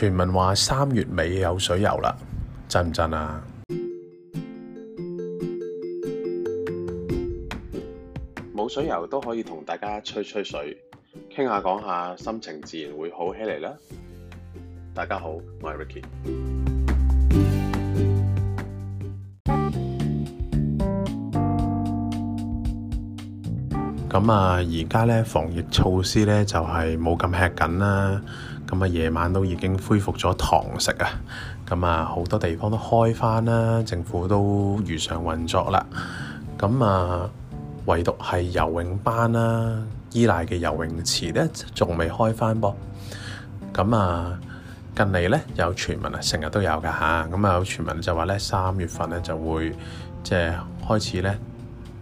傳聞話三月尾有水游啦，真唔真啊？冇水游都可以同大家吹吹水，傾下講下，心情自然會好起嚟啦。大家好，我係 Ricky。咁啊，而家呢防疫措施呢就係冇咁吃緊啦。咁啊，夜晚都已經恢復咗堂食啊！咁啊，好多地方都開翻啦，政府都如常運作啦。咁啊，唯獨係游泳班啦，依賴嘅游泳池咧，仲未開翻噃。咁啊，近嚟咧有傳聞啊，成日都有㗎嚇。咁啊，有傳聞就話咧，三月份咧就會即係、就是、開始咧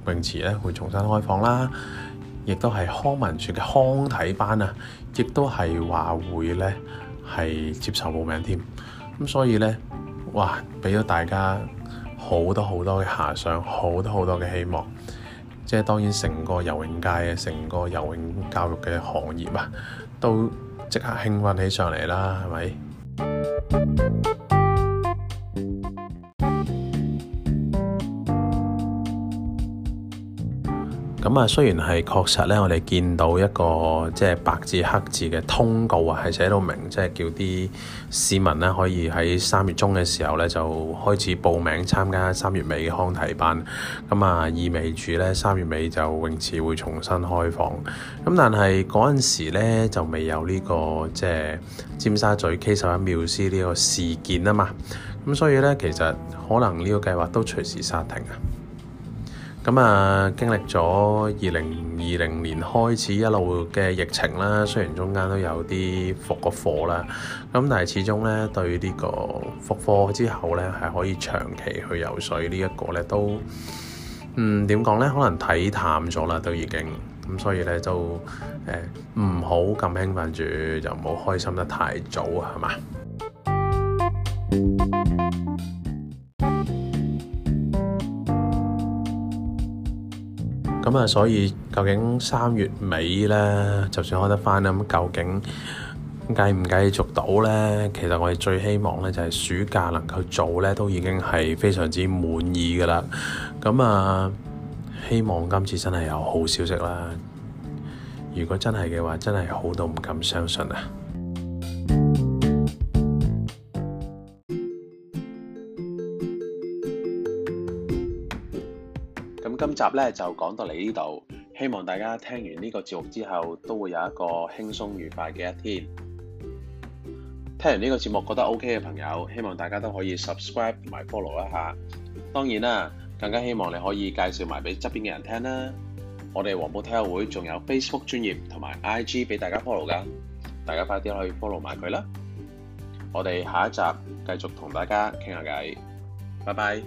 泳池咧會重新開放啦。亦都係康文署嘅康體班啊，亦都係話會咧係接受報名添，咁所以呢，哇，俾咗大家好多好多嘅遐想，好多好多嘅希望，即係當然成個游泳界嘅，成個游泳教育嘅行業啊，都即刻興奮起上嚟啦，係咪？咁啊，雖然係確實呢，我哋見到一個即係白字黑字嘅通告啊，係寫到明，即係叫啲市民呢可以喺三月中嘅時候呢，就開始報名參加三月尾嘅康體班。咁啊，意味住呢，三月尾就泳池會重新開放。咁但係嗰陣時咧就未有呢、呢個即係尖沙咀 K 十一妙思呢個事件啊嘛。咁所以呢，其實可能呢個計劃都隨時煞停啊。咁啊，經歷咗二零二零年開始一路嘅疫情啦，雖然中間都有啲復個課啦，咁但係始終咧對呢個復課之後咧係可以長期去游水呢一個咧都，嗯，點講咧，可能睇淡咗啦，都已經咁，所以咧都誒唔好咁興奮住，就唔好開心得太早，係嘛？咁啊，所以究竟三月尾呢，就算開得翻咧，咁究竟繼唔繼續到呢？其實我哋最希望呢，就係、是、暑假能夠做呢，都已經係非常之滿意噶啦。咁啊，希望今次真係有好消息啦！如果真係嘅話，真係好到唔敢相信啊！咁今集咧就講到嚟呢度，希望大家聽完呢個節目之後都會有一個輕鬆愉快嘅一天。聽完呢個節目覺得 OK 嘅朋友，希望大家都可以 subscribe 同埋 follow 一下。當然啦，更加希望你可以介紹埋俾側邊嘅人聽啦。我哋黃埔體育會仲有 Facebook 專頁同埋 IG 俾大家 follow 噶，大家快啲去 follow 埋佢啦。我哋下一集繼續同大家傾下偈，拜拜。